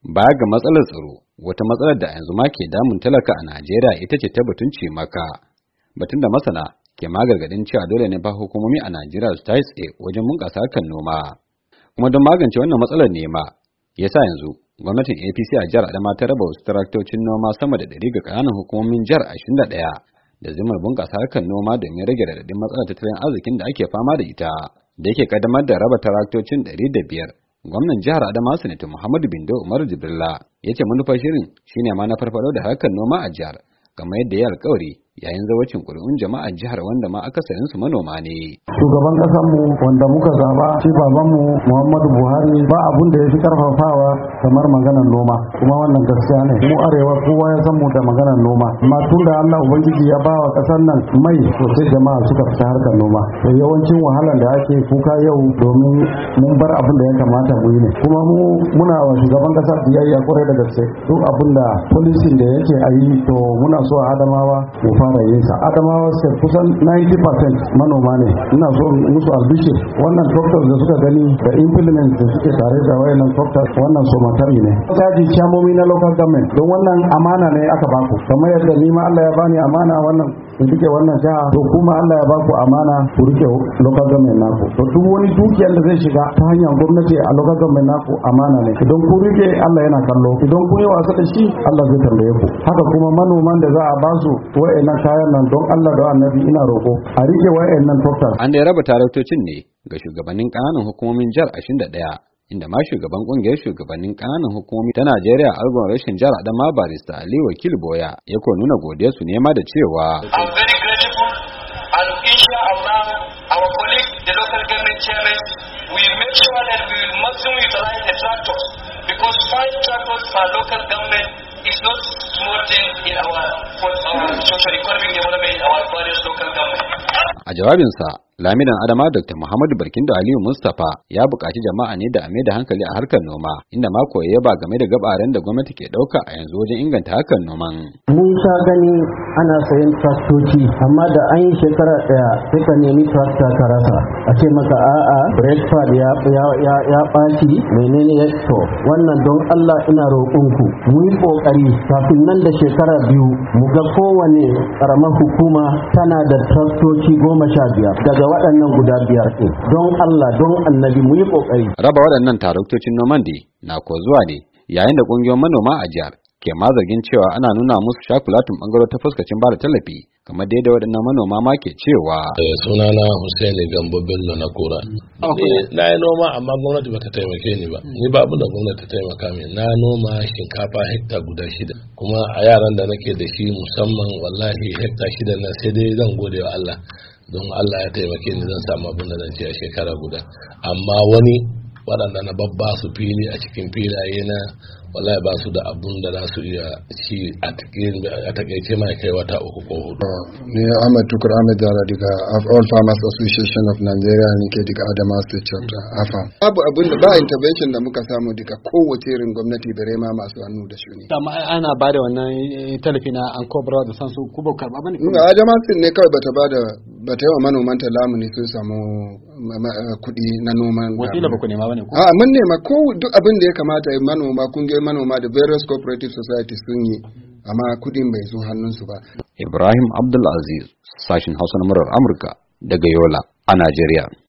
Ba ga matsalar tsaro, wata matsalar da yanzu ma ke damun talaka a Najeriya ita ce ta batun ce maka. Batun da masana ke magargadin cewa dole ne ba hukumomi a Najeriya su yi tsaye wajen bunƙasa kan noma. Kuma don magance wannan matsalar ne nema, yasa yanzu gwamnatin APC a jihar Adama ta raba wasu taraktocin noma sama da ɗari ga ƙananan hukumomin jihar ashirin da ɗaya da zimar bunƙasa harkar noma domin rage raɗaɗin matsalar tattalin arzikin da ake fama da ita. Da yake kaddamar da raba taraktocin ɗari da biyar gwamnan jihar adama sanata muhammadu bindo umaru jibrila ya ce manufar shirin shine ma na farfado da harkar noma a jihar kamar yadda ya alkawari yayin zawacin ƙuri'un jama'ar jihar wanda ma akasarin su manoma ne. Shugaban mu wanda muka zaba shi babanmu Muhammadu Buhari ba abun da ya fi karfafawa kamar maganar noma kuma wannan gaskiya ne mu arewa kowa ya san mu da maganar noma amma tun da Allah ubangiji ya ba wa ƙasar nan mai sosai jama'a suka fita harkar noma da yawancin wahalar da ake kuka yau domin mun bar abin da ya kamata mu yi ne kuma mu muna wa shugaban ƙasa biyayya kwarai da gaske duk abun da policy da yake a yi to muna so a Adamawa mu fara mamaye sa adamawa state kusan 90% manoma ne ina so musu albishir wannan tractors da suka gani da implement da suke tare da wayannan tractors wannan so somatari ne caji chamomi na local government don wannan amana ne aka baku kamar yadda ni ma Allah ya bani amana wannan in rike wannan jiha to kuma Allah ya baku amana ku rike local government naku to duk wani dukiyar da zai shiga ta hanyar gwamnati a local government naku amana ne idan ku rike Allah yana kallo idan ku yi wasa da shi Allah zai tambaye ku haka kuma manoman da za a ba su wa'annan kayan nan don Allah da annabi ina roko a rike wa'annan tokar an da raba tarautocin ne ga shugabannin kananan hukumomin jihar 21 inda ma shugaban kungiyar shugabannin kananan hukumomi ta Najeriya argon rashin jihar ma barista Ali Wakil Boya ya ko nuna godiyar su nema da cewa very grateful and our the local government will make because five tractors per local government is not small thing in our A jawabinsa, Lamidan Adama Dr. Muhammadu Barkin da Aliyu Mustapha ya buƙaci jama'a ne da a da hankali a harkar noma, inda mako ya ba game da gabaren da gwamnati ke ɗauka a yanzu wajen inganta harkar noman. Mun sha gani ana sayan traktoci, amma da an yi shekara ɗaya sai ka nemi trakta ka rasa. A ce maka a'a breakfast ya ya ya ɓaci menene ya to wannan don Allah ina roƙonku mun yi ƙoƙari kafin nan da shekara biyu mu ga kowane karamar hukuma tana da trastoci goma sha biyar daga waɗannan guda biyar ɗin don Allah don annabi mu yi ƙoƙari. Raba waɗannan tarautocin noman da na ko zuwa ne yayin da ƙungiyoyin manoma a jihar ke ma zargin cewa ana nuna musu shakulatin ɓangaro ta fuskacin bada tallafi kamar dai da waɗannan manoma ma ke cewa sunana Hussein Gambo Bello na Kura eh, na yi noma amma gwamnati bata taimake ni ba ni ba abin da gwamnati ta taimaka min na noma shinkafa hekta guda shida kuma a yaran da nake da shi musamman wallahi hekta shida na sai dai zan gode wa Allah don Allah ya taimake ni zan samu abin da zan ci a shekara guda amma wani waɗanda na babba su fili a cikin filaye na wallahi ba su da abun da za su iya ci a takaice mai kai wata uku ko hudu. ne Ahmad Tukur Ahmed Dara daga All Farmers Association of Nigeria ne ke daga Adama State Chapter AFA. Babu abun da ba intervention da muka samu daga kowace irin gwamnati bare ma masu hannu da shuni. Amma ana ba da wannan eh, talafi na an kobra da sansu ku ba karba bane. Adama State ne kawai bata ba da ba ta yi wa manoman ta lamuni sun samu eh, kuɗi na noman wakila ba ku nema wani ko a ah, mun nema ko duk abin da ya kamata yi manoma kungiyar manoma da various cooperative society sun yi amma kuɗin bai zo hannunsu ba Ibrahim Abdulaziz sashin Hausa na murar Amurka daga Yola a Najeriya